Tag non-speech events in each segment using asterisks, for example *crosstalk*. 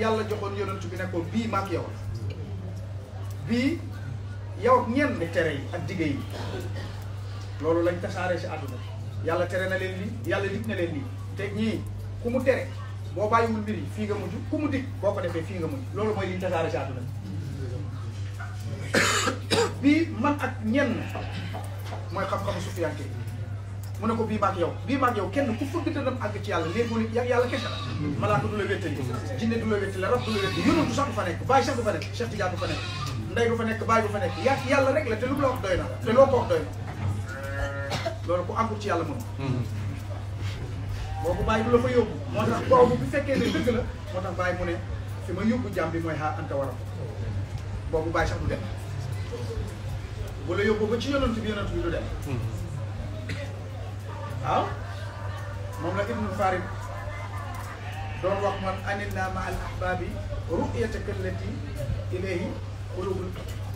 yalla yàlla joxoon yonent bi ne ko Bi, maak yow bi yow ñen ñenn téré ak digé yi lolu lañ taxaré ci aduna yalla téré na leen li yalla dik na leen li té ñi ku mu téré bo bayiwul mbiri fi nga muju ku mu dik boko défé fi nga muju lolu moy liñ taxaré ci aduna bi *coughs* man ak ñen moy xam-xamu sufiyanke mu ne ko bii maag yow bii maag yow kenn ku fëgg dënam àgg ci yàlla léegoo yàlla kese la du la wéttali jinne du la wéttali rab du la wéttali yàlla rek la te lu mu la wax doy na te loo ko wax doy na loolu ku àggul ci yàlla moom boo ko bàyyi du la fa yóbbu moo tax boobu bu fekkee ne dëgg la moo tax bàyyi mu ne fi ma yóbbu jàmm bi mooy xaar anta waram boobu bàyyi sax du dem bu la yóbbu ba ci yonent bi yonent bi du dem waaw moom la ibnu farid doon wax man anilna ma al ahbabi ru'yataka allati ilayhi qulubul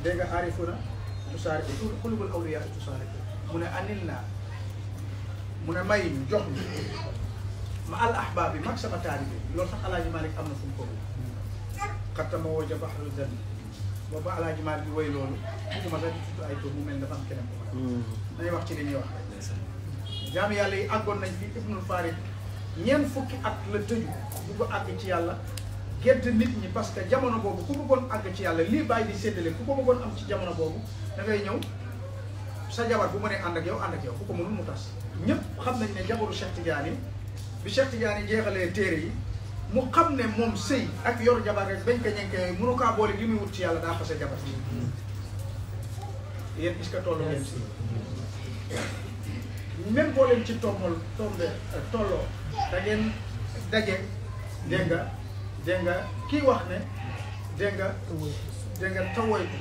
dégg nga aarifuna tusaariku qulubul awliya tusaariku mu ne anilna mu ne may ñu jox ñu ma al ahbab bi mag sama taalibe loolu sax alaaji Malik am na fu mu ko xattama woo jabaxalu zan boobu alaaji Malik bi woy loolu ma sax di tudd ay tur mu mel dafa am keneen ko ma nañu wax ci li ñuy wax rek jaam yàlla yi àggoon nañ fi ibnul farid ñeent fukki at la tëju bugg àgg ci yàlla gedd nit ñi parce que jamono boobu ku bëggoon àgg ci yàlla lii bàyyi di séddale ku ko bëggoon am ci jamono boobu da ñëw sa jabar bu mënee ànd ak yow ànd ak yow ku ko mënul mu tas ñépp xam nañ ne jabaru Cheikh Tidiane bi Cheikh Tidiane jeexalee téere yi mu xam ne moom sëy ak yor jabar rek bañ ko ñenke yooyu mënu kaa boole li muy wut ci yàlla daa fa sa jabar yéen gis nga tollu ngeen si même boo leen ci tombal tombe tolloo da ngeen daje dégg nga dégg nga kii wax ne dégg nga dégg nga tawaytu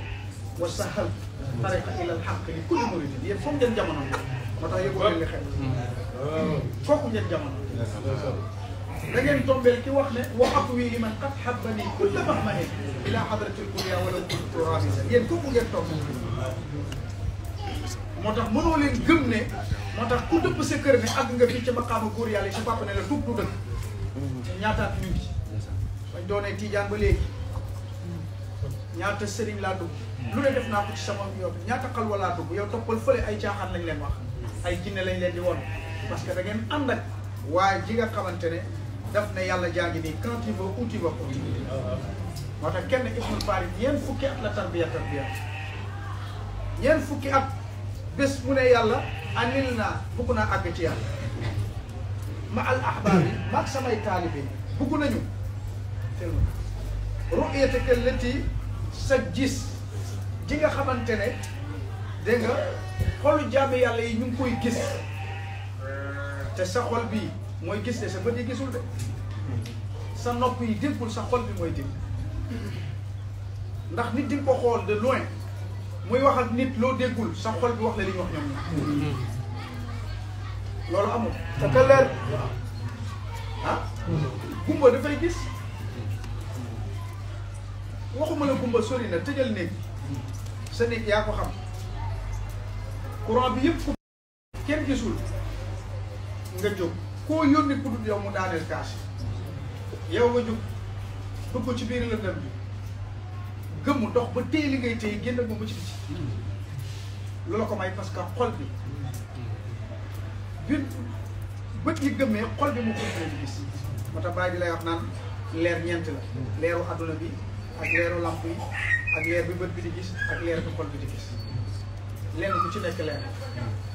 wa sahal tariqa ila al xaq li kulli muridin yéen foog ngeen jamono moo tax yëgoo leen li xew kooku ngeen jamono da ngeen tombeel ki wax ne wa aqwi liman qad habbani kulla mahmanin ila hadratil ulya wala kuntu ramisan yéen kooku ngeen tombe moo tax mënoo leen gëm ne moo tax ku dëpp sa kër ne àgg nga fii ci maqaama góor yàlla sa papa ne la dug du dëgg ñaataat ñu ngi bañ doonee tiijaan ba léegi ñaata sëriñ laa dugg lu ne def naa ko ci sama yoon ñaata xalwa laa dugg yow toppal fële ay caaxaan lañ leen wax ay jinne lañ leen di won parce que da ngeen ànd ak waaye ji nga xamante ne daf na yàlla jaagi nii quand il veut outil moo tax kenn ibnul faari ñeent fukki at la tarbiya tarbiya ñeent fukki bés mu ne yàlla anil na bugg naa àgg ci yàlla ma al ahbaab yi maag samay taalibe bugg nañu ru'yataka allati sa gis ji nga xamante ne dégg nga xolu jàmm yàlla yi ñu ngi koy gis te sa xol bii mooy gis de sa bët yi gisul de sa nopp yi dénkul sa xol bi mooy dénk ndax nit di xool de loin muy wax ak nit loo déggul sa xol bi wax la li ñu ñoom ñoom. loolu amul. te ka leer ah? gumba dafay gis waxuma la gumba sori na tëjal néeg sa néeg yaa ko xam courant bi yëpp ku kenn gisul nga jóg koo yónni ku yow mu daaneel kaas yow nga jóg dugg ci biir lëndëm bi gëmm dox ba téye li ngay téye génn moom ba ci bitti hmm. loola ko may parce que xol bi bi bët yi gëmmee xol bi moo ko di gis moo tax bàyyi di lay wax naan leer ñeent la hmm. leeru adduna bi ak leeru làmp ak leer bi bët bi di gis ak leer bi xol bi di gis hmm. lenn ku ci nekk leer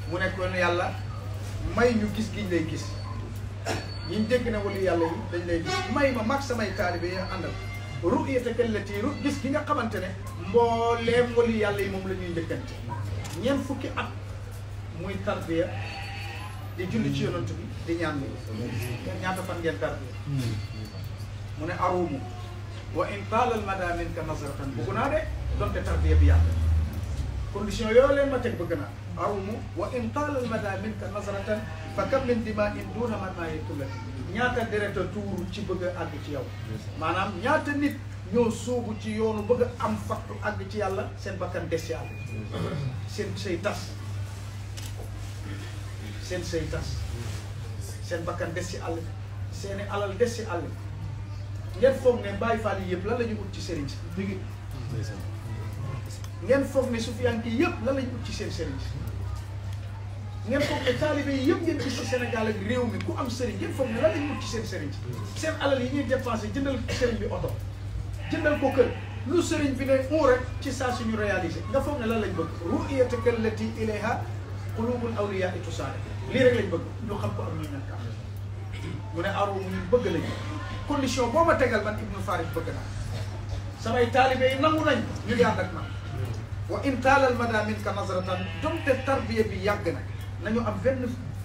mu nekkoon yàlla may ñu gis giñ lay gis ñiñ dégg na walu yàlla yi dañ lay gis may ma mag samay taalibe yi àndal رؤيتك التي رؤ بس كنا قبل تنا مولم ولي الله يوم لني ذكنت نيم فوكي أب مي تربية دي جل شيء لون تبي دي نعمي نعمي تفهم جل تربية من أرومو وإن طال المدى منك نظرة بقنا ده دم تربية بيان كل شيء يقول ما تك بقنا أرومو وإن طال المدى منك نظرة فكم من دماء دون ما ما يتلقي ñaata dereta tuuru ci bëgg agg ci yow maanaam ñaata nit ñoo sóobu ci yoonu bëgg a am fattu àgg ci yàlla seen bakkan des ci àgg seen say tas seen say tas seen bakkan des ci àll seeni alal des ci àll bi ngeen foog ne bàyyi faal yi yëpp lan la ñu ut ci sëriñ si ngeen foog ne sufiyanke yëpp lan la ñu ut ci seen sëriñ si ngeen foog ne taalibe yi yëpp ngeen gis ci Sénégal ak réew mi ku am sëriñ ngeen foog ne lan lañ wut ci seen sëriñ seen alal yi ñuy dépensé jëndal sëriñ bi oto jëndal ko kër lu sëriñ bi ne un rek ci saa suñu réalisé nga foog ne lan lañ bëgg ru'yataka allati ilayha qulubul awliya tusaare lii rek lañ bëgg ñu xam ko am ñu ñàkk am mu ne aro ñu bëgg lañ condition boo ma tegal man Ibnu Farid bëgg naa samay taalibe yi nangu nañ ñu yànd ak man wa in taalal mada min ka nazratan donte tarbiya bi yàgg na nañu am ven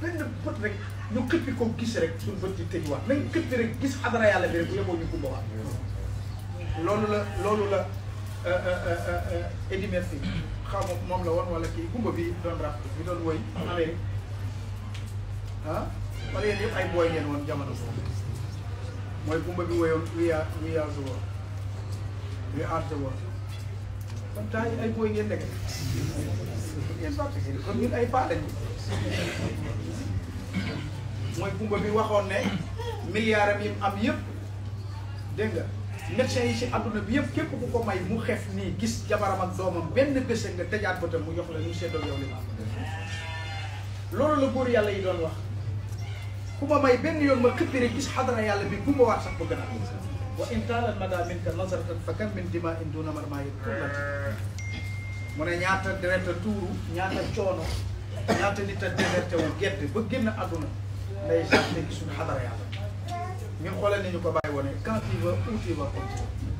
benn bët rek ñu xippi ko gis rek suñu bët yi tëjuwaat nañ xippi rek gis xadara yàlla bi rek bu yeboo ñu gumbawaat loolu la loolu la euh, euh, euh, Eddie Murphy xaw ma moom la woon wala kii gumba bi doon rap bi doon woy Amérique ah wala yéen ay booy ngeen woon jamono boobu mooy gumba bi woyoon we are we are the world we are the world comme temps ay booy ngeen nekk ngeen fàtte kon ñun ay paa lañu mooy kumba bi waxoon ne milliardam yi am yëpp dégg nga médecin yi si àdduna bi yëpp képp ku ko may mu xef nii gis jabaram ak doomam benn bés nga tëjaat bëtam mu jox la ñu seddoo yow li ma am loolu la góor yàlla yi doon wax ku ma may benn yoon ma xëppi rek gis xadara yàlla bi bu ma waat sax bëgg naa wa in taalal mada minka nazaratan fa kam min dima in duna marmayin tullati mu ne ñaata dereta tuuru ñaata coono ñaata nit a déserté wu gerte ba génn àdduna nday jàppale ci suñu xadara yàlla ñun xoolee nañu ko bàyyi woon quand tu veux où tu vas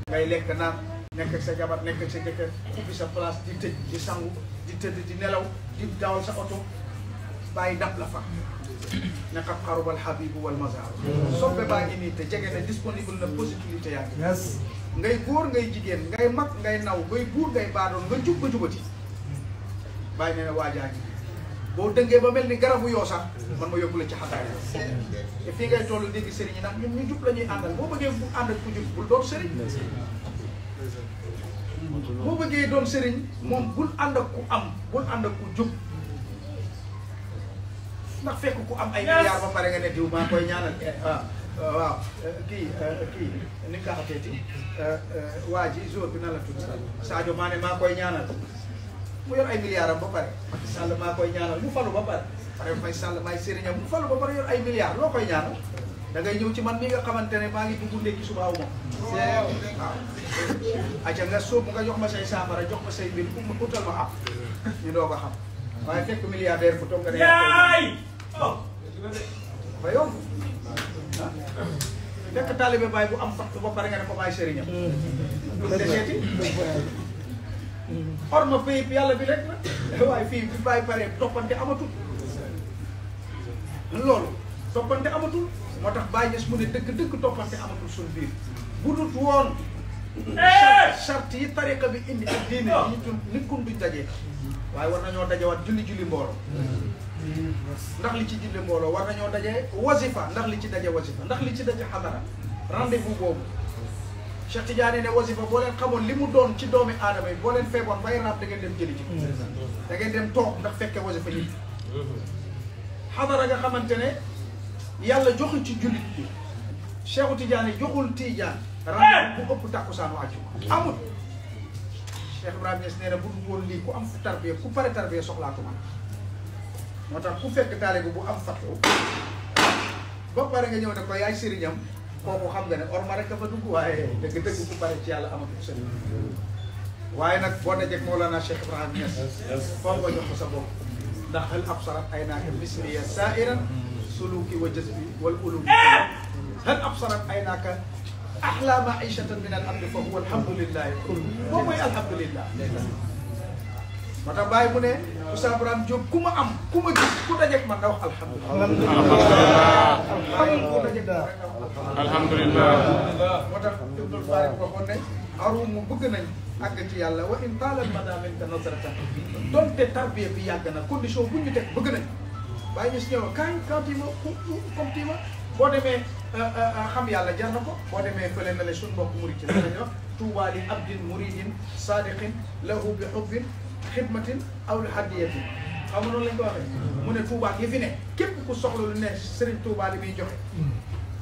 ngay lekk naan nekk ak sa jabar nekk ak sa jëkkër ubbi sa place di tëj di sangu di tëdd di nelaw di dawal sa oto bàyyi dab la fa ne qad qaruba alxabibu wal mazar soppe baa ngi nii te jege na disponible na possibilité yaa ngay góor ngay jigéen ngay mag ngay naw ngay buur ngay baadoon nga jub ba jubati bàyyi ne boo dëngee ba mel ni garabu yoo sax man ma yóbbu la ci xataay te fii ngay toll dégg sëriñ yi ñun ñu jup lañuy andal bo boo bu and ak ku jup bu doon serigne bo bëggee doon serigne mom bu and ak ku am bu and ak ku jup ndax fekk ku am ay milliards ba pare nga ne diw ma koy ñaanal waaw ki ki ni nga xateeti waa waaji jour bi na la tudd Sadio Mané ma koy ñaanal mu yor ay milliards ba pare Macky Sall maa koy ñaanal mu falu ba pare pare fay Sall maay sëriñam mu falu ba pare yor ay milliards loo koy ñaanal da ngay ñëw ci man mi nga xamante ne maa ngi dugg ndekki subaaw ma waaw aca nga sóobu nga jox ma say saafara jox ko xam waaye fekk milliardaire bu toog nga ne yaay oh. ba yomb ah. fekk taalibe baay bu am fatt ba pare nga ne ko maay sëriñam mm-hmm. lu deseeti xorma fay fi yàlla bi rek la waaye fi bi bàyyi pare toppante amatul lol toppante amatul moo tax bàyyi ñes mu ne dëkk dëkk toppante amatul suñu biir bu dut woon charte yi tariqa bi indi ak diine yi nit kun duñ dajee waaye war nañoo dajewaat julli julli moro, ndax li ci julli mbooloo war nañoo daje wasifa ndax li ci daje wasifa ndax li ci daje xadara rendez-vous Cheikh Tidiane ne wasifa boo leen xamoon li doon ci doomi adamay yi boo leen bay rap da ngeen dem jëli ci da ngeen dem tok ndax fekke wasifa nit hadara nga xamantene yàlla joxu ci julit bi cheikh Tidiane joxul Tidiane ram bu ëpp tàkkusaanu àjjuma amul Cheikh ibrahim Niass nee bu dul li lii ku am fu tarbiya ku pare tarbiya soxla ko man motax ku fekk taalibe bu am fatu ba pare nga ñëw ne ko yaay serignam kooku xam nga ne orma rek dafa dugg waaye dëgg-dëgg ku pare ci yàlla amatul seen waaye nag boo dajee Mawlana Cheikh Ibrahima Niass foog nga jox ko sa bopp ndax hal absarat aynaaka misliya saa'iran suluki wa jazbi wal uluki hal absarat aynaaka axlaa maishatan min al abdi fa huwa alhamdulillahi boobu mooy alhamdulillah moo tax bàyyi mu ne Oustaz Ibrahima Diop ku ma am ku ma gis ku dajeeg man na wax alhamdulilah. alhamdulilah alhamdulilah. moo tax Ibnul Farid waxoon ne aru mu bëgg nañ àgg ci yàlla wa in taalal madamin ka nasrata donte tarbiya bi yàgg na condition bu ñu teg bëgg nañ waaye ñu si ñëw kaay kantima komtima boo demee euh, euh, euh, xam yàlla jar na ko boo demee fële na le suñu mbokk murid ci la ñuy wax tuubaa li abdin muridin sadiqin lahu bi hubbin xidmatin aw li hadiyatin xaw ma noonu lañ ko waxee mu ne Touba gi fi ne képp ku soxla lu ne Serigne Touba li muy joxe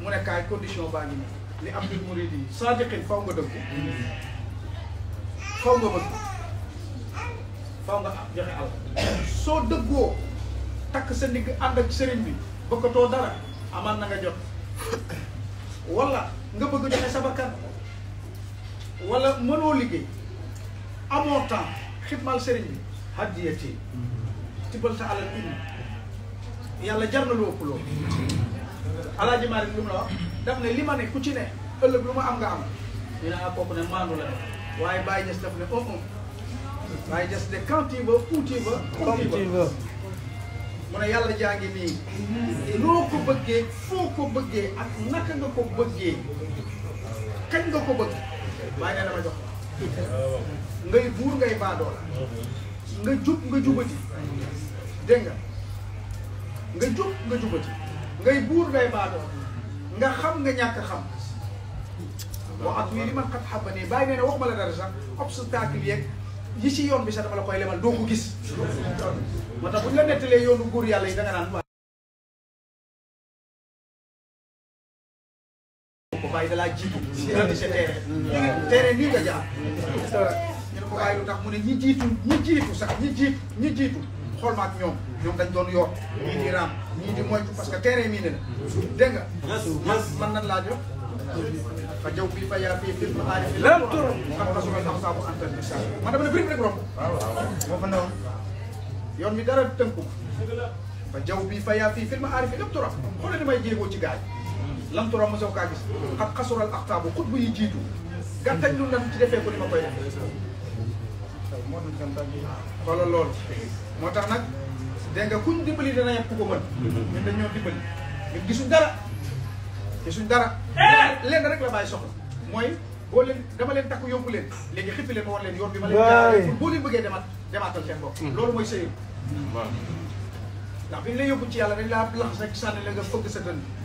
mu ne condition baa ngi li am dil murid yi sadiqin faw nga dëgg faw nga bëgg faw nga joxe àll soo dëggoo takk sa ndigg ànd ak sëriñ bi bëggatoo dara amaan na nga jot nga bëgg joxe sa bakkan wala mënoo liggéey amoo temps xibmal sëriñ bi hadiyati tibbal sa alal indi yàlla jar na lu ëpp loolu alaaji Maalik wax daf ne li ma ne ku ci ne ëllëg lu ma am nga am ñu ne ah ne maandu la waaye Baye Niass daf ne un un Baye Niass de quand tu veux où tu veux quand tu yàlla jaa ngi nii loo ko bëggee foo ko bëggee ak naka nga ko bëggee kañ nga ko bëgg Baye ne dama jox ngay buur ngay baadoola nga jub nga jubati dégg nga nga jub nga jubati ngay buur ngay baadoola nga xam nga ñàkk xam waaw ak lii li man xat xaba ne bàyyi nee ne waxuma la dara sax obstacle yeeg yi ci yoon bi sax dama la koy lemal doo ko gis moo tax bu ñu la nettalee yoonu góor yàlla yi da nga naan bàyyi da laa jiitu. tere nii nga jaar. ñu ne ko waaye lu tax mu ne ñi jiitu ñi jiitu sax ñi jiitu ñi jiitu xool ma ak ñoom ñoom dañ doon yor. ñii di raam ñii di moytu parce que tere mii ne la. dégg nga. man man nan laa jox. fa jaw bi fa yaa fi fi mu aari fi lan tur ne bëri rek romb. waaw yoon mi dara tënku. fa jaw bi fa yaa fi fi mu ci gaal yi. lam turam mosoo kaa gis. xat xasural axtaabu xut bu yi jiitu. gàttañ lu nan ci defee ko ni ma koy def. wala loolu. moo tax nag dégg nga kuñ dimbali dana yàpp ko mën. ñun dañ ñoo dimbali. ñun gisuñ dara. gisuñ dara. Eh! lenn rek la bàyyi soxla. mooy boo leen dama leen takku yóbbu leen. léegi xippi leen ma war leen yoon bi ma leen. jaay boo leen bëggee demaat demaatal seen bopp. Hmm. loolu mooy sëy. waaw. ndax bi ñu lay yóbbu ci yàlla dañ laa lax rek sànni la nga fëgg sa dënn.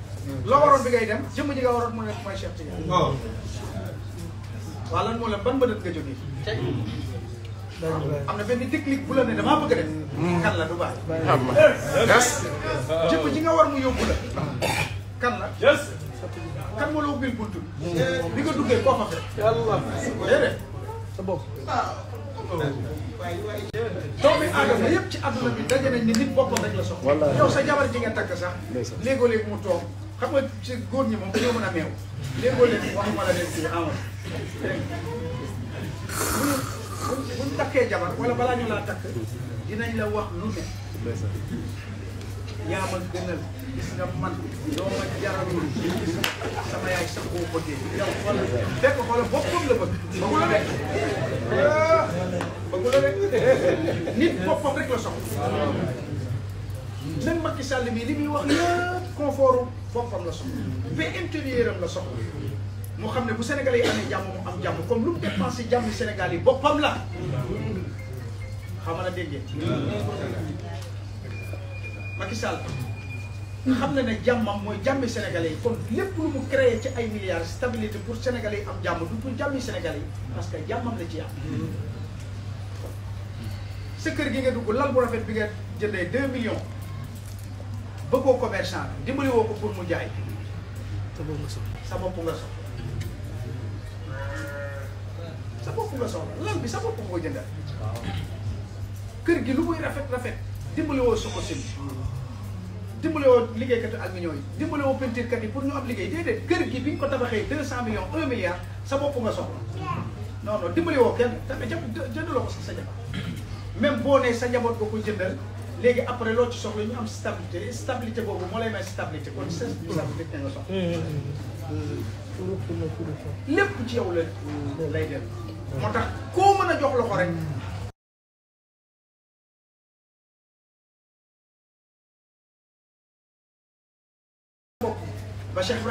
loo orang bi ngay dem orang ji nga waroon mu nekk mooy Cheikh Tidiane. waaw. waaw lan la ban nga benn bu la bëgg kan la du eh, eh, eh. yes. jëmm ji nga war mu la. kan la. yes. kan moo la ubbil buntu bi. nga duggee koo fa fekk. yàlla déedéet. sa bopp. doomi aadama yëpp ci àdduna bi daje nañ ni nit boppam rek la soxla. yow sa jabar nga sax. mu xam nga ci góor ñi moom dañoo mën a meew léegoo leen waxuma la leen si amoon ah dégg nga takkee jabar wala balaa ñu laa takk dinañ la wax lu ne yaa ma gënal gis nga man loo ma jaralul sama yaay sax koo bëggee yow xoolal fekk xoolal boppam la bëgg bëggu la rek bëggu la rek nit la soxla. même Macky Sall bi li muy wax yëpp confort fofam la soxla paix intérieur am la soxla mo xamné bu sénégalais amé jamm mo am jamm comme lu dépenser jamm sénégalais bopam la xamana nga dégg Macky Sall xamna né ne jàmmam jamm Sénégalais kon lépp lu mu créer ci ay milliards stabilité pour Sénégalais am jamm du pour jamm Sénégalais parce que jàmmam la ci am sa kër gi nga dugg lal bu rafet bi nga jëndé 2 millions bëggoo commerçant bi dimbali woo ko pour mu jaay. sa bopp nga soxla. sa bopp nga soxla. sa bopp nga soxla lan bi sa bopp nga gi lu muy rafet rafet dimbali woo soxla si dimbali woo liggéeykatu aluminium yi dimbali woo peinture kat yi pour ñu am liggéey déedéet kër gi bi ñu ko tabaxee deux cent millions un milliard sa bopp nga soxla non non dimbali woo kenn tamit jëndaloo ko sax sa jabar même boo nee sa njaboot nga ko jëndal. léegi après loo ci soxla ñu am stabilité stabilité boobu moo lay may stabilité kon stabilité mm-hmm. euh, lépp ci yow la euh, lay dem. moo tax koo mën a jox loxo rek. ba Cheikh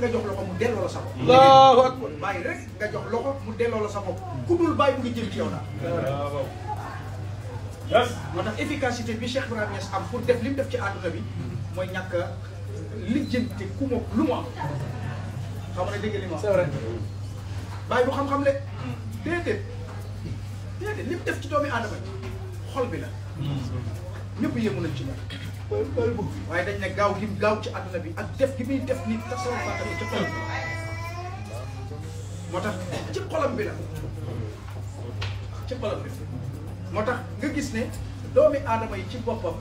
nga jox loxo mu delloo la sa bopp. waaw waaw bàyyi rek nga jox loxo mu delloo la sa bopp ku dul bàyyi mu ngi jëm ci yow daal. moo tax efficacité bi Cheikh Ibrahima Niass am pour def li def ci àdduna bi mooy ñàkk a lijjanti ku ma lu mu am xam ne dégg li ma c'est vrai bàyyi xam-xam le déedéet déedéet li mu def ci doomi aadama xol bi la ñëpp yéemu nañ ci moom waaye dañ ne gaaw gi gaaw ci àdduna bi ak def gi muy def nit tasawuf ba ci xolam moo tax ci xolam bi la ci xolam bi moo tax nga gis ne doomi aadama yi ci boppam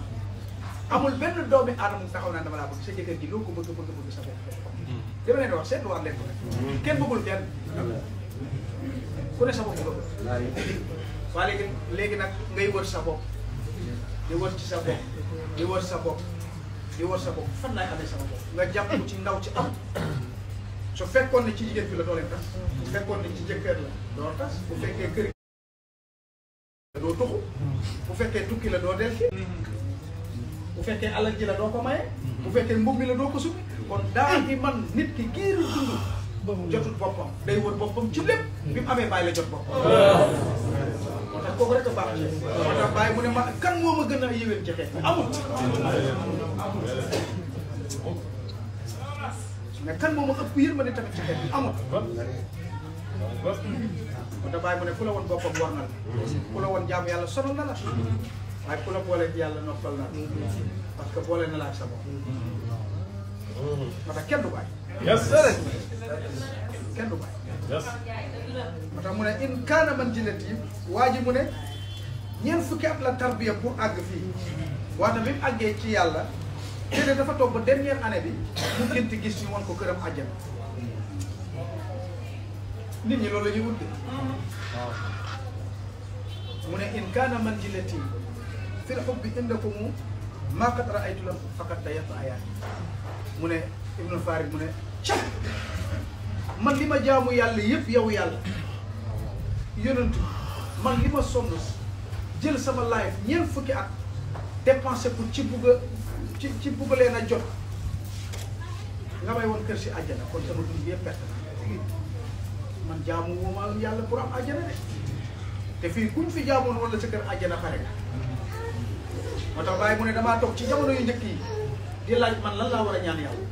amul benn doomi aadama taxaw naa dama laa bëgg sa jëkkër ji loo ko bëgg bëgg bëgg sa bopp mm-hmm. dama leen di wax seetlu war leen ko rek kenn bëggul kenn ku ne sa bopp nga bëgg waa léegi léegi nag ngay wër sa bopp di wër ci sa bopp di wër sa bopp di wër sa bopp fan laay amee sama bopp nga jàpp ci ndaw ci am su fekkoon ne ci jigéen bi la doo leen tas su fekkoon ne ci jëkkër la doo tas bu fekkee kër doo tuxu hmm. bu fekkee tukki la doo delsi hmm. bu fekkee alal ji la doo ko maye hmm. bu fekkee mbubb mi la doo ko suppi kon daa ci eh. man nit ki giiru dund jotul boppam day wër boppam ci lépp bi mu amee bàyyi la jot boppam moo tax kooku rek a baax ci ma kan moo ma gën a yéwén ci xeet amul amul ma ëpp yërmande tamit ci xeet amul moo tax bàyyi mu ne ku la woon boppam war na la ku la woon jaamu yàlla sonal na la waaye ku la boole yàlla noppal naa la parce que boole na la ak sa bopp moo tax kenn du bàyyi yes kenn du bàyyi moo tax mu ne in kaana man jillet waa ji mu ne ñeent fukki at la tarbiya pour àgg fii waaye bi mu àggee ci yàlla léegi dafa toog ba dernière année bi mu gént gis ñu woon ko këram àjjana nit ñi loolu la ñuy wut de mm-hmm. mu ne in kaana manzilati fil hubbi indakum maa qad ra'aytu lahu faqad dayyaqtu ayaati mu ne Ibnul Farid mu ne ca man li ma jaamu yàlla yëpp yow yàlla yonentu man li ma sonn jël sama life ñeent fukki at dépensé pour ci bugg a ci ci bugg leen a jot nga may woon kër si àjjana kon sama dund yëpp perte na man jaamu woomaam yàlla pour am àjjana te fii kuñ fi jaamoon walla sa kër àjjana pare nga moo tax bàyyi mu ne damaa toog ci jamono yu njëkk yi di laaj man lan laa war a ñaan yàlla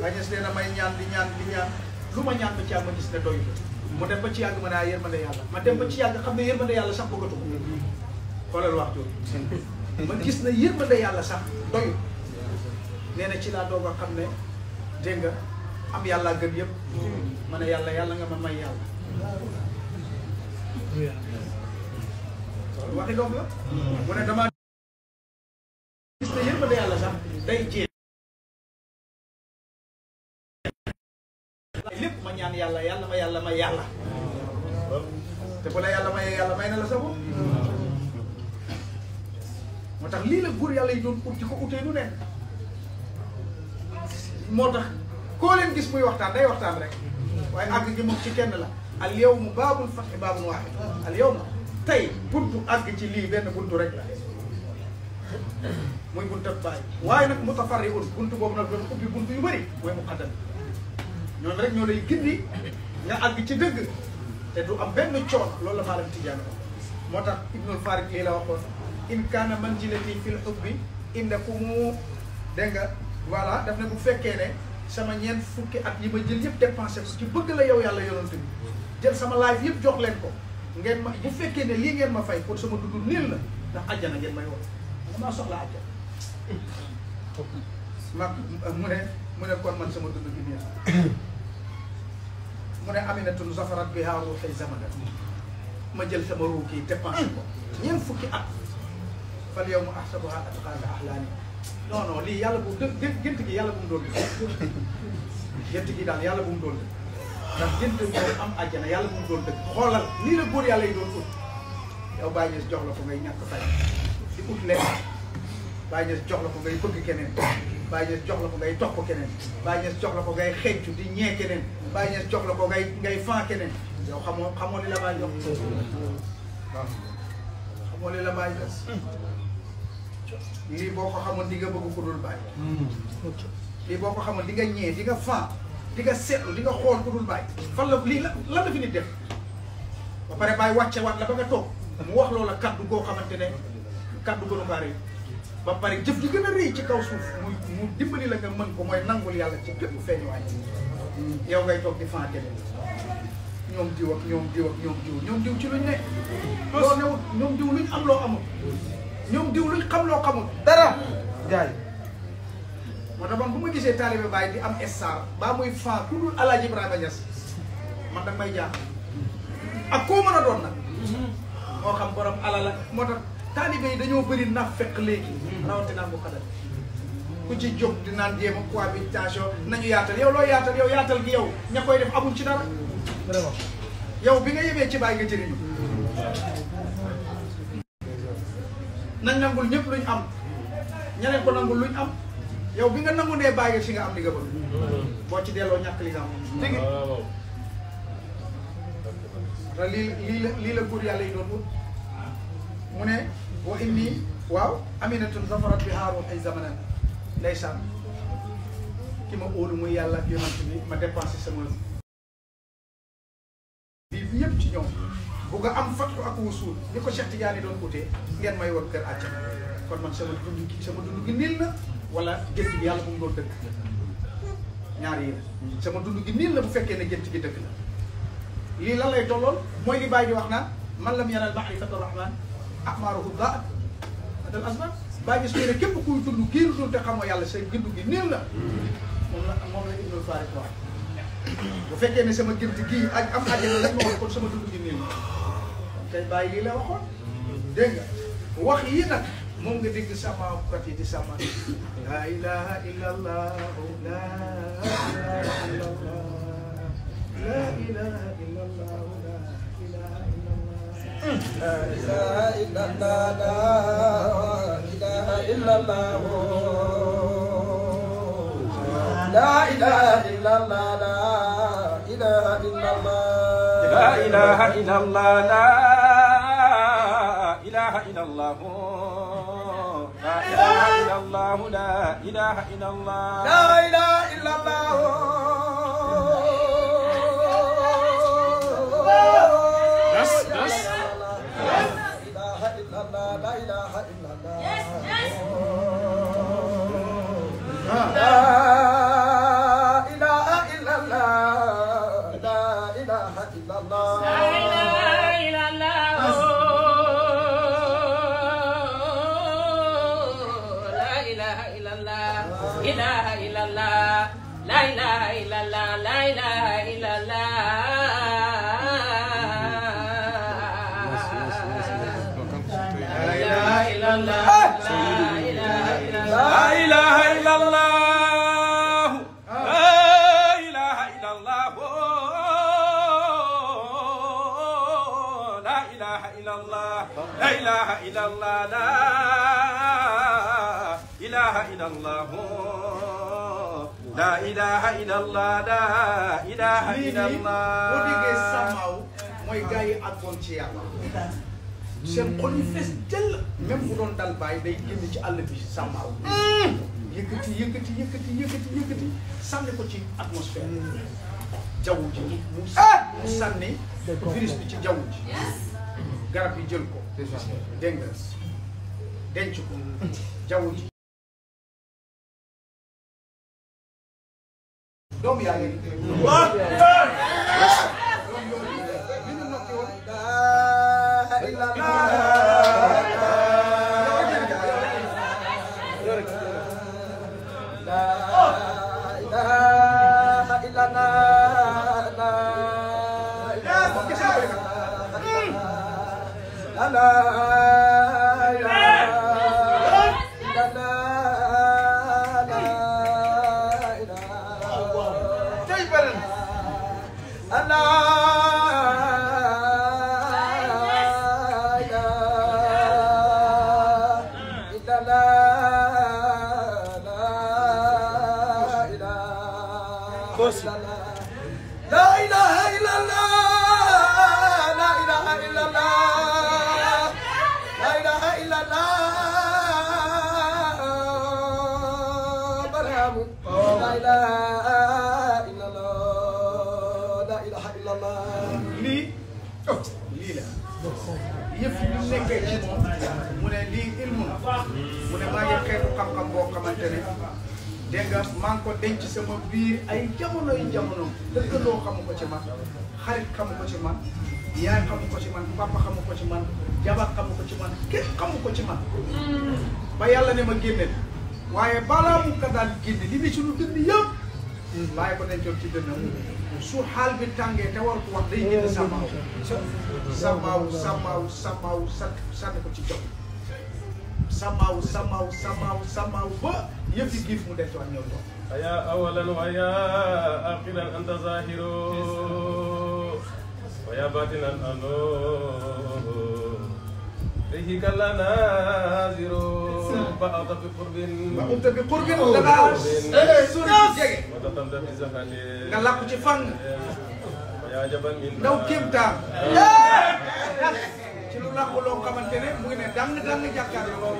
waaye ñes leen a may ñaan di ñaan di ñaan lu ma ñaan ba ci àgg ma gis ne doyul mu dem ba ci yàgg ma ne ah yërmande yàlla ma dem ba ci yàgg xam ne yërmande yàlla sax bëggatu ko xoolal waxtu jooju ma gis ne yërmande yàlla sax doyul nee ci laa doog xam ne dégg am yàlla gën yëpp ma ne yàlla yàlla nga ma may yàlla waxi doom la mu ne damaa gis ne yërmande yàlla sax day jeex lépp ma ñaan yàlla yàlla ma yàlla may yàlla te bu yàlla may yàlla may na la sa bopp moo tax lii la góor yàlla yi doon ut ci ko utee ne moo tax koo leen gis muy waxtaan day waxtaan rek waaye àgg gi moom ci kenn la al yawma baabul fatxi baabun waaxid al ma tey buntu àgg ci lii benn buntu rek la muy buntu ak bàyyi waaye nag mutafarriun buntu boobu nag doon ubbi buntu yu bëri mooy muqaddam ñoom rek ñoo lay gindi nga àgg ci dëgg te du am benn coon loolu la maalam tijaan ko moo tax ibnul farid lii la waxoon in kaana manzilati fil hubbi indakumu dégg nga voilà daf ne bu fekkee ne sama ñeent fukki at yi ma jël yëpp dépensé ko ci bëgg la yow yàlla yonent bi jël sama laaj yëpp jox leen ko ngeen ma bu fekkee ne lii ngeen ma fay kon sama dund niil la ndax àjjana ngeen may woon damaa soxla àjjana ma mu ne mu ne kon man sama dund bi nii mu ne aminatun zafarat bi haa ruuxi zamana ma jël sama ruux kii dépensé ko ñeent fukki at fal yow mu ahsabuha atqaaka ahlaani non lii yàlla bu dë gént yàlla bu mu doon dëkk gént gi daal yàlla bu mu doon dëkk ndax gént mooy yàlla bu mu doon dëkk xoolal lii la góor yàlla yi doon ut yow Baye Niass jox la ko ngay ñàkk fay di ut lekk Baye ko ngay bëgg keneen la ko ngay topp keneen Baye Niass jox la ko ngay xëccu di ñee keneen Baye Niass jox la ko ngay ngay keneen yow xamoo xamoo li la Baye jox waaw li la Baye jox lii boo ko xamoon di nga bëgg ku dul bàyyi. Hmm. lii boo ko xamoon di nga ñee di nga fan di nga seetlu di nga xool ku dul bàyyi. fan la lii la la fi nit def ba pare bàyyi wàcce waat la ba nga toog mu wax la kaddu goo xamante ne kaddu gënu kaa rëy ba pare jëf ji gën a rëy ci kaw suuf mu mu dimbali la nga mën ko mooy nangul yàlla ci képp feeñuwaay hmm. yow ngay toog di fan keneen ñoom diw ak ñoom diw ak ñoom diw ñoom diw ci luñ ne. loo newut ñoom diw luñ am loo amul ñoom diw xam loo xamul dara gars yi moo tax man bu ma gisee taalibe Baay di am star baa muy fan ku dul Alaaji Ibrahima Niass man da may jaaxal ak koo mën a doon nag moo xam borom alal la moo tax taalibe yi dañoo bëri na fekk léegi rawatina bu xadal ku ci jóg di naan jéem a cohabitation nañu yaatal yow loo yaatal yow yaatal gi yow ña koy def amuñ ci dara yow bi nga yëgee ci Baay nga jëriñu nañ nangul ñépp luñ am ñeneen ko nangul luñ am yow bi nga nangu nee bàyyi fi nga am li nga bëgg boo ci delloo ñàkk li nga am ah, te lii lii la góor yàlla yi doon mu ne wa inni waaw aminatun zafarat bi haaroon ay zamanan ndeysaan ki ma óolu muy yàlla ak yonant ma dépensé sama bi yëpp ci ñoom bugg a am fattu ak wusuul ni ko Cheikh Tidiane doon utee ngeen may woon kër àjjana kon man sama dund gi sama dund gi niil na wala gént gi yàlla bu mu doon yi sama dund gi na bu fekkee ne gént gi dëgg la lii lay tollool mooy li baay di wax naan man lam yanal maarifata rahman ahmaaruhu daat adal asman bàyyi bis mu ne képp kuy dund giir dund te xamoo yàlla sa dund gi niil na moom la moom la Ibnul Farid wax bu fekkee ne sama gént gi ak am àjjana lañ ma wax kon sama dund gi néew kay bàyyi lii la waxoon dégg nga wax yi nag moom nga dégg sama kat yi di sama laa la ilaha illa la ilaha illa لا إله إلا الله لا إله إلا الله لا إله إلا الله لا إله إلا الله لا إله إلا الله Yes, yes. لا إله إله إلا الله لا إله إلا الله إله إلا الله لا إله إلا الله لا إله إلا الله لا إله إلا الله إلا الله لا إله إلا الله لا إله إلا الله لا إله إلا الله boo déggee samaw mooy gars yi àggoon ci yàlla seen xol yi fees jël même bu doon dal bàyyi day génn ci àll bi samaw yëkkati yëkkati yëkkati yëkkati yëkkati sànni ko ci atmosphère jaww ji mu sànni ah! virus bi ci jaww ji garab yi jël ko dégg nga denc ko jaww ji doom yaa n i Allah. xamante ne dégg nga maa ngi ko denc sama biir ay jamono yu jamono dëkkandoo xamu ko ci man xarit xamu ko ci man yaay xamu ko ci man papa xamu ko ci man jabar xamu ko ci man kenn xamu ko ci man mm. ba yàlla ne ma génneel waaye balaa mu ko daan génne li ne ci lu dënd yëpp bàyyi ko dencoon ci dënnam su xaal bi tàngee te war ko wax day génn sàmbaaw sàmbaaw sàmbaaw sàmbaaw sànni ko ci jaww sàmmaaw sàmmaaw sàmmaaw sàmmaaw ba yëf yi giif mu denc waat ñëw ko. ayaa awalan wa anta zahiro wa yaa batinan bihi kalla naziro ba awta bi qurbin ba awta bi qurbin dangaa sori ci jege bi zahale nga làkku ci fang wa yaa jaban min ndaw kéemtaan eh. Eh. làmb loo xamante ne mu ngi ne dang dang jàkkaarloo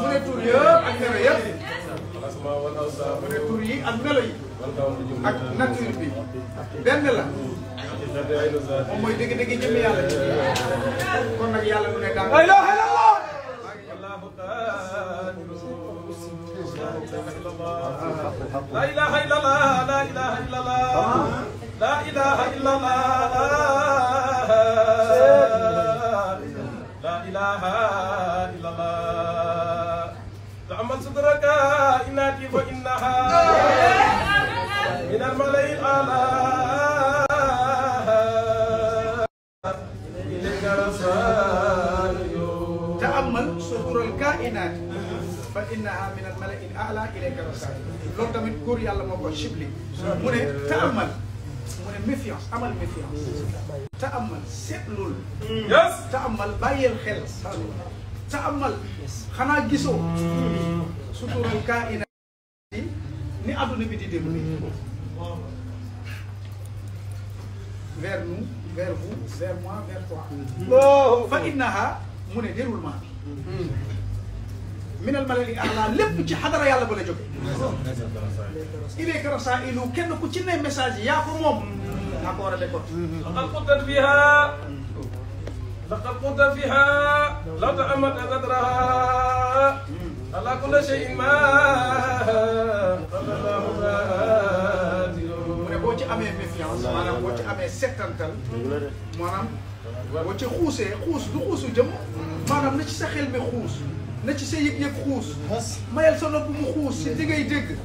mu ne tur yëpp ak melo yëpp mu ne tur yi ak melo yi ak nature bi benn la moom mooy dëgg dëgg jëm yàlla ci kon nag yàlla mu ne dang la ilaha illallah la ilaha illallah لو تمت كوريا لموقع شبلي موني تامل موني مفيان تامل مفيان تامل سيبلول تامل باي الخل تامل خنا جيسو سطور الكائن ني ادو نبي دي دمني vers nous vers vous vers moi vers toi فإنها موني ديرول ما من الملل الاعلى لب في حضر يلا بلا جوك اليك رسائل كن كو تشني مساج يا كو موم نكو ربي كو لقد قلت فيها لقد قلت فيها لا تعمد قدرها على كل شيء ما manam bo ci amé méfiance manam bo ci amé sétantal manam bo ci xousé xous du xousu jëm manam na ci sa xel mi xous na ci sa yëg-yëg xuus mayal sa nopp mu xuus si li ngay dégg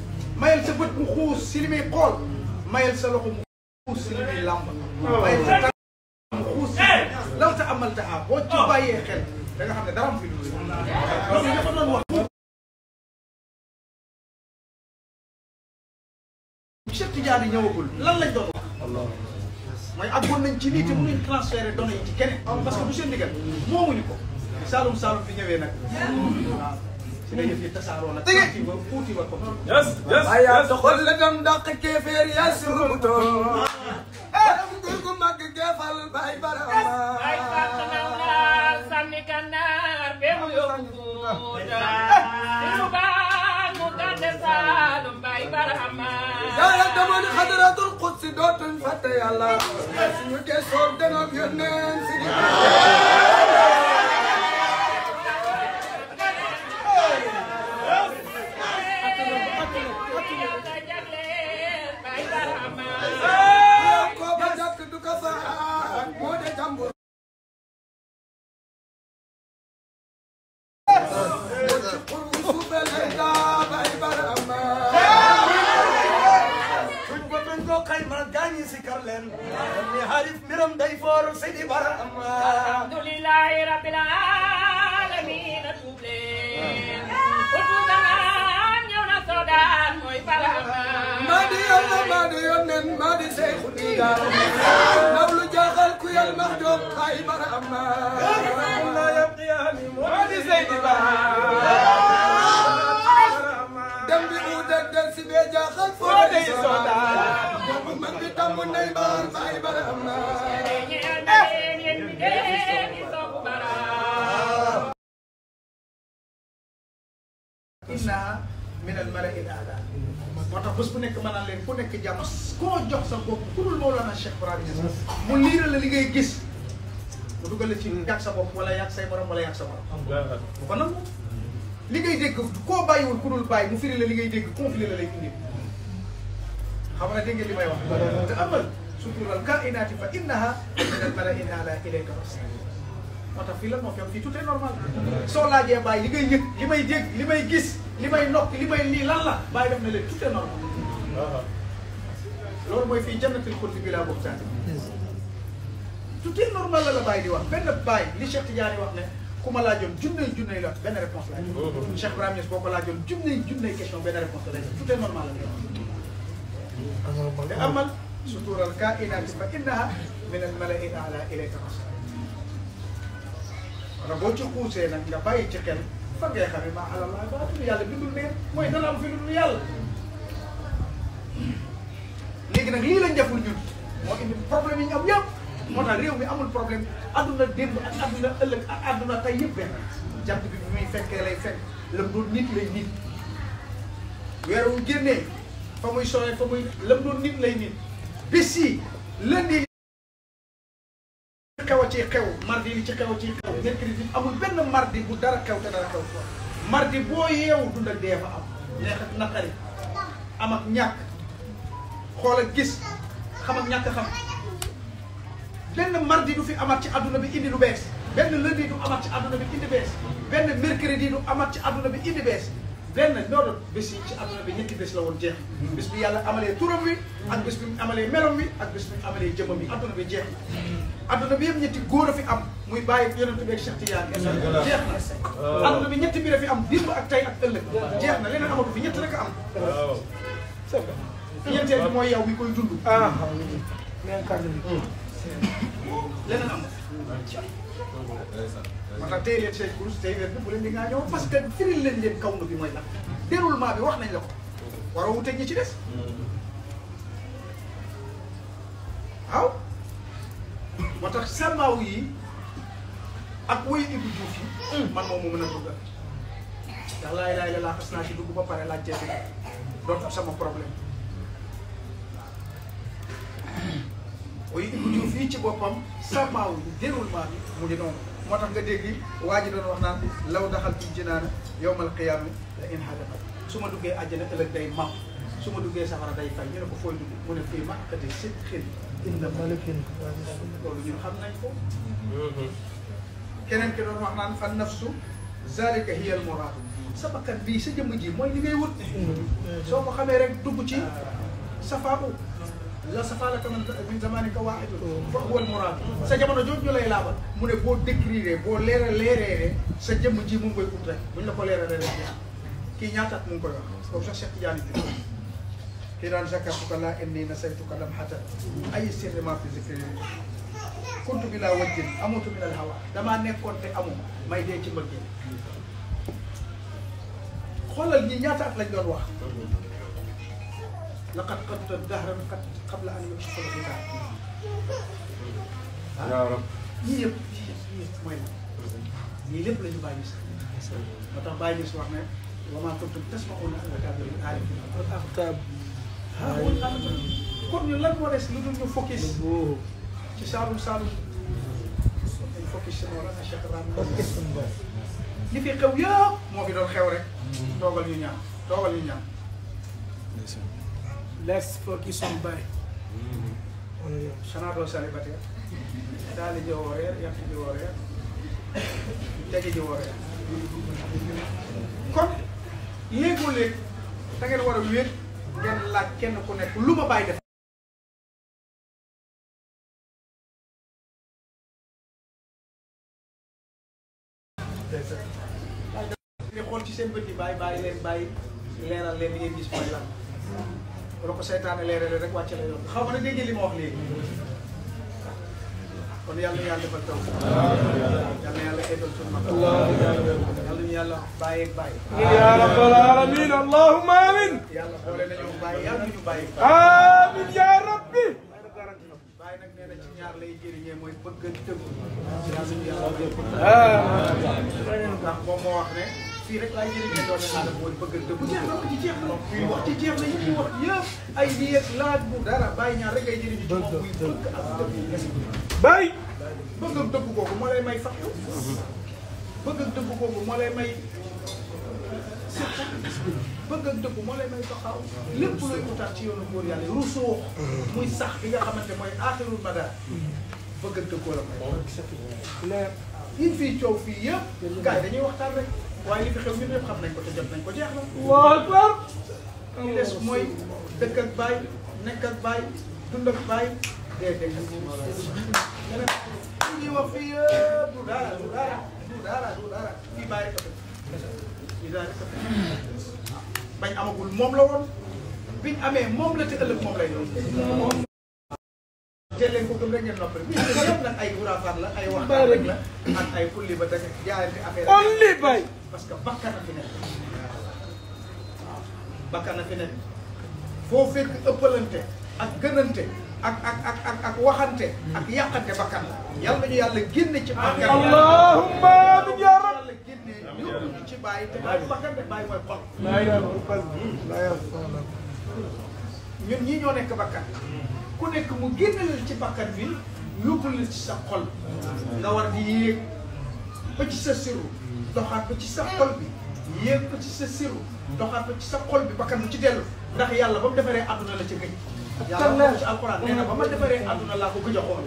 mayal sa bët mu xuus si li muy xool mayal sa loxo mu xuus si li muy làmb mayal sa tànk mu xuus si law ta amal ta a boo ci bàyyee xel da nga xam ne dara mu fi dafa doon wax Cheikh Tidiane ñëwagul lan lañ doon wax mooy àggoon nañ ci nii te mënuñ transféré données yi ci keneen parce que bu seen ndigal moomuñu ko saalum saalum fi ñëwee nag. waaw si la yëf yi tasaaroo nag. dëgg yi ba tuuti ba comme. yes yes waaye yaa doxal la dem dàq keefeer yaa surumutoo. dem gur gu mag geefal bay barama. bay barama sànni gànnaar bee mu yóbbu Fuuta. lu baax mu gàdde Saalum bay barama. yàlla demoon xadaratul xudsi dootuñ fàtte yàlla. suñu gëstoo dana yónneen si ata min al mala il ala moo tax bés bu nekk mën naa leen ku nekk jàmm koo jox sa bopp ku dul Mawlana Cheikh Ibrahim Niass mu liira la li ngay gis mu dugal la ci mm. yàgg sa bopp wala yàgg say morom wala yàgg sa morom bu ko nangu li ngay dégg koo bàyyiwul ku dul bàyyi mu firi la li ngay dégg conflit la lay indi xam nga dégg ngeen li may wax te amal sutural kainaati fa innaha min al mala il ala ilayka moo tax fii lan moo fi am fii tout est normal soo laajee bàyyi li ngay yëg li may dégg li may gis li may nokk li may lii lan la bàyyi def na leen tout est normal loolu mooy fii jannatul xuldi bi laa bokk taati tout est normal la la bàyyi di wax benn bàyyi li Cheikh Tidiane wax ne ku ma laajoon junne junne la benn réponse la def Cheikh Ibrahima Niass boo ko laajoon junne junne question benn réponse la def tout est normal la lay wax te amal sutural kainaati fa innaha min al malai ala ilayka masal wala boo ci xuusee nag nga bàyyi ci xel fan ngay xamee maa alal laa yàlla bindul ne mooy dana am fi lu dul yàlla. léegi nag lii lañ deful ñun moo indi problème yi ñu am yëpp moo tax réew mi amul problème adduna démb ak adduna ëllëg ak adduna tey yëpp benn bi muy fekkee lay fekk lam doon nit lay nit weer wu génnee fa muy sooyee fa muy lam doon nit lay nit bis yi ci xew mardi li ci xew ci xew mercredi amul benn mardi bu dara xew te dara xew ko mardi boo yeewu dund ak dee fa am neex naqari am ak ñàkk xool ak gis xam ak ñàkk xam benn mardi du fi amat ci àdduna bi indi lu bees benn lundi du amat ci àdduna bi indi bees benn mercredi du amat ci àdduna bi indi bees benn loolu bés yi ci àdduna bi ñetti bés la woon jeex bés bi yàlla amalee turam wi ak bés bi amalee merom wi ak bés bi mu amalee jëmmam bi àdduna adduna bi yëpp ñetti góor a fi am muy bàyyi bi ak Cheikh Tidiane ñetti mbir a fi am démb ak tey ak ëllëg jeex na leneen amatu fi ñett rek a am ñeenteel bi mooy yow mi koy dund ah. leneen am man nag tey leen Cheikh Kourous tey leen bu leen di ñëw parce que firil leen leen kaw na bi mooy lan déroulement bi wax nañ la ko waroo wuteeg ñu ci des hmm. waaw moo tax sàmmaaw yi ak woy Ibou Diouf yi hmm. man moom moo mën a dugg ndax laay laay la laa xas naa ci dugg ba pare laaj jeexi dootul sama problème woy Ibou Diouf yi ci boppam sàmmaaw yi déroulement bi mu ngi noonu moo tax nga dégg waa ji wax naa law daxal ci jinaana yowmal qiyaama la in hadafat su ma duggee àjjana ëllëg day maam su ma duggee safara day fay ñu ne ko fooy dugg mu ne fii ma akate seen xel إلا مالك كنن كده رحنا نفهم نفسه ذلك هي المراد سبق بي سجم جي موي لي غي وول سو ما خامي ريك دوجتي سفابو لا سفالة من زمانك واحد فهو المراد سجمنا جوج لا يلعب مون بو ديكري بو لير لير سجم جي موي كوتري مون لا كو لير لير كي نياتات مون كو وخ شيخ تياني حين ذكرتك لا إني نسيتك لم حتى أي سر ما في ذكري كنت بلا وجه أموت من الهوى لما نكون في أمو ما يدي تبقي خل الجنيات أطلع جروا لقد قد الدهر قد قبل أن يحصل في ذلك يا رب يب يب ما يب يلب لي بايس ما تبايس وما كنت تسمعون هذا كذا عارف kon la lan moo des lu dul ñu focus ci Saalum Saalum dañ focus si Mawlana Cheikh Ibrahima Niass li fi xew yëpp moo fi doon xew rek doogal ñu ñaan doogal ñu ñaan let's focus on Baye mm-hmm. sanaa doo célibataire daal di jëwoo reer yàq jëwoo reer tegi jëwoo reer kon léegoo léeg da ngeen laaj kenn ku nekk lu ma bàyyi def ni xool ci seen bët yi bàyyi leen bàyyi leeral leen li ngeen gis mooy lan wala ko seytaane leeral rek wàcce la yoon xaw ne dégg li ma wax léegi kon yàlla yàlla defal taw. yàlla yàlla eetal sunu mag. yàlla ñu yàlla bàyyi ak bàyyi. rabbi. ci ñaar lay jëriñee fii rek laa njëriñee doon naa la woon bëggante bu jeex na wax ci jeex na wax ci jeex na yi ñuy wax yëpp ay lii ak laaj bu dara bàyyi ñaar rek ay njëriñu ci moom muy bëgg ak dëgg bàyyi bëggam dëgg kooku moo lay may sax yow bëggam dëgg kooku moo lay may bëgg ak dëgg moo lay may taxaw lépp luy utaat ci yoonu muy sax bi nga xamante mooy aaxirul madar bëgg ak dëggoo la may leer yi fii coow fii yëpp a yi dañuy waxtaan rek waaye li fi xew ñun ñëpp xam nañ ko te jot nañ ko jeex na. waaw waaw. li des mooy dëkk ak baay nekk ak baay wax fii a fekk. fii baay rek moom la amee moom la moom lay doon. teel leen ko gëm rek ay wuraafaat la ay waxtaan rek la ak ay xulli ba teg jaarante affaire. on li bay. parce que bakkan a fi nekk foo fekk ëppalante ak gënante ak ak ak ak waxante ak yàqante bakkan la yàlla ñu yàlla génne ci bakkan allahumma ya rab yàlla génne yóbbu ñu ci bàyyi mooy xol ñun ñoo nekk bakkan ku nekk mu génneel ci bakkan bi yóbbu la ci sa xol nga war di yéeg ba sa siru doxaat ko ci sa xol bi yéeg ko ci sa siru doxaat ko ci sa xol bi bakkan bu ci dellu ndax yàlla ba mu defaree àdduna la ci gëj yàlla wax ci alxuraan nee na ba ma defaree àdduna laa ko gëj a xool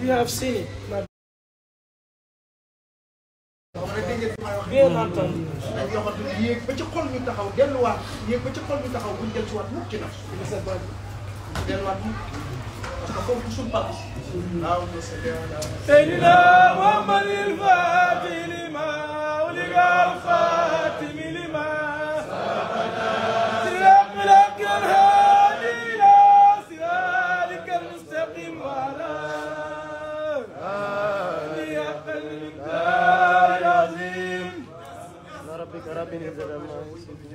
you have seen it bien entendu dañ yéeg ba ci xol ñu taxaw delluwaat yéeg ba ci xol ñu taxaw buñ dellusiwaat mukk ci naf سيدنا محمد الفاتح لما ولقى الخاتم لما سلك لك الهادي الى صراطك المستقيم وعلى ليق المقدار العظيم ربك رب العزة عما يصفون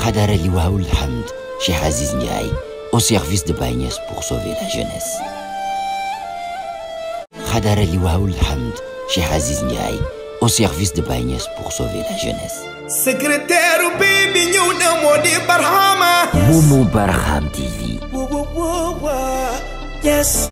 Khadar Ali Hamd, chez Aziz Ndiaye, au service de Bagnès pour sauver la jeunesse. Khadar Ali Hamd, chez Aziz Ndiaye, au service de Bagnès pour sauver la jeunesse. secrétaire bi bi de Barhama. Barham TV. Yes.